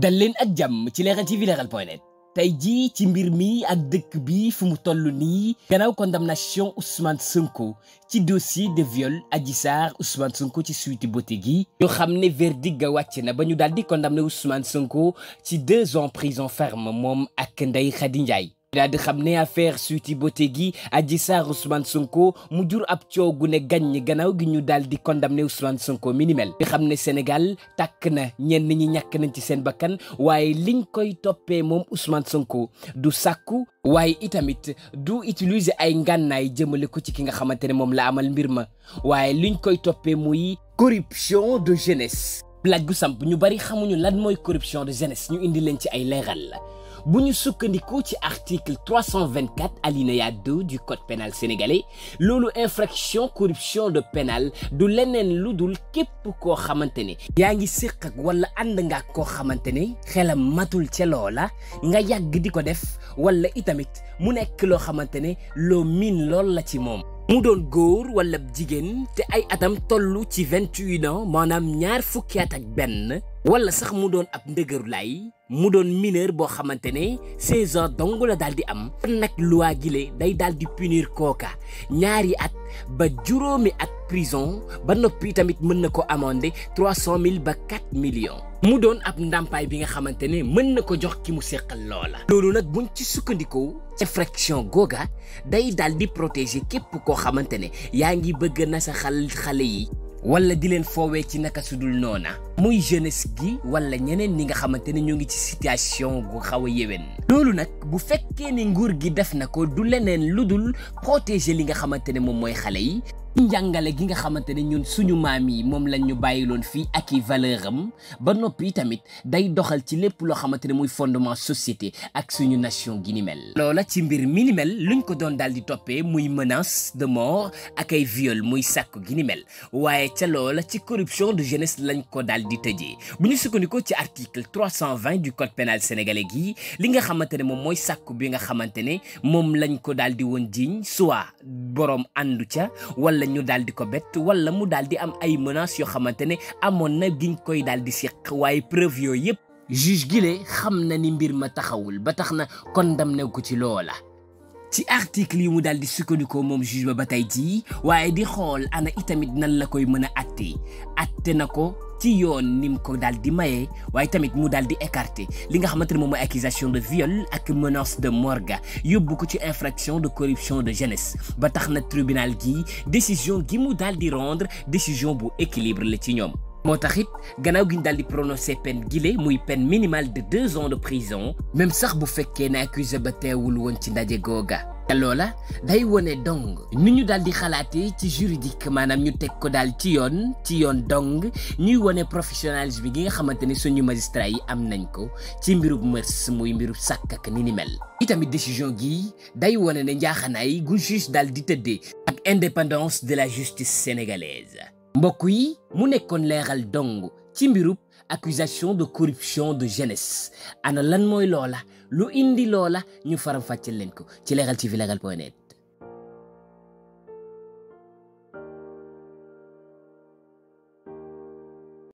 dal leen ak jàmm ci Leral TV Leral point net tey jii ci mbir mi ak dëkk bi fu mu toll nii gannaaw condamnation Ousmane Sonko ci dossier de viol Adji Sarr Ousmane Sonko ci Sweet Beauté gi ñu xam ne verdict ga wàcc na ba ñu daal di condamné Ousmane Sonko ci deux ans prison ferme moom ak Ndeye Khady Ndiaye daal di xam ne affaire Sweety Bottegui Adji Sarr Ousmane Sonko mu jur ab coow gu ne gàññ gannaaw gi ñu daal di condamné Ousmane Sonko mi ni mel di xam ne Sénégal takk na ñenn ñi ñàkk nañ ci seen bakkan waaye liñ koy toppee moom Ousmane Sonko du sàkku waaye itamit du utiliser ay ngànnaay jëmale ko ci ki nga xamante ne moom la amal mbir ma waaye liñ koy toppee muy corruption de jeunesse laaj gu samp ñu bari xamuñu lan mooy corruption de jeunesse ñu indi leen ci ay leeral bu ñu sukkandikoo ci article 324 alinéa 2 du code pénal sénégalais loolu infraction corruption de pénal du leneen lu dul képp koo xamante ne yaa ngi séq ak wala ànd nga ak koo xamante ne xelam matul ca loola nga yàgg di ko def wala itamit mu nekk loo xamante ne loo miin lool la ci moom mu doon góor wala jigéen te ay atam toll ci vingt-huit ans maanaam ñaar fukki at ak benn wala sax mu doon ab ndëgëru lay mu doon mineur boo xamante ne seize ans dong la daal di am nag loi gile day daal di punir kooka ñaari at ba juróomi at prison ba noppi tamit mën na ko amender trois cent mille ba quatre millions. mu doon ab ndàmpaay bi nga xamante ne mën na ko jox ki mu seqal loola. loolu nag buñ ci sukkandikoo infraction googa day daal di protéger képp koo xamante ne yaa ngi bëgg na sa xal xale yi wala di leen foowee ci naka sudul noona muy jeunesse gi wala ñeneen ni nga xamante ne ñu ngi ci situation gu xaw a yéwén loolu nag bu fekkee ne nguur gi def na ko du leneen lu dul protéger li nga xamante ne moom mooy xale yi njàngale gi nga xamante ne ñun suñu maam yi moom lañ ñu loon fii ak i valeur am ba noppi tamit day doxal ci lépp loo xamante ne muy fondement société ak suñu nation gi ni mel. loola ci mbir mi ni mel luñ ko doon daal di toppee muy menance de mort ak ay viol muy sàkku gi ni di tëjee bu ñu sukkandikoo ci article 320 du code pénal sénégalais gi li nga xamante ne moom mooy sàkku bi nga xamante ne moom lañ ko daal di woon jiiñ soit boroom àndu ca wala ñu daal di ko bett wala mu daal di am ay menaces yoo xamante ne amoon na giñ koy daal di seq waaye preuve yooyu yëpp juge gile xam na ni mbir ma taxawul ba tax na condamné ko ci loola ci article yi mu daal di sukkandikoo moom juge ba ba tey jii waaye di xool ana itamit nan la koy mën a atte ci yoon ni mu ko daal di mayee waaye tamit mu daal di écarté li nga xamante ne moom mooy accusation de viol ak menace de mort ga yóbbu ko ci infraction de corruption de jeunesse ba tax na tribunal gi décision gi mu daal di rendre décision bu équilibre la ci ñoom. moo tax it gannaaw gi ñu daal di prononcé pen gile muy peine minimale de deux ans de prison même sax bu fekkee ne accusé ba teewul woon ci ndaje googa. te loola day wone dong ni ñu daal di xalaatee ci juridique maanaam ñu teg ko daal ci yoon ci yoon dong ñuy wone bi gi nga xamante ni suñu magistrat yi am nañ ko ci mbirub mërs muy mbirub sàkk ni ni mel itamit décision gi day wone ne njaaxanaay gu juge daal di tëddee ak indépendance de la justice sénégalaise mbokk yi mu nekkoon leeral dong ci mbirub accusation de corruption de jeunesse ana lan mooy loola lu indi loo la ñu faram fàcceel leen ko ci leral tv leral point net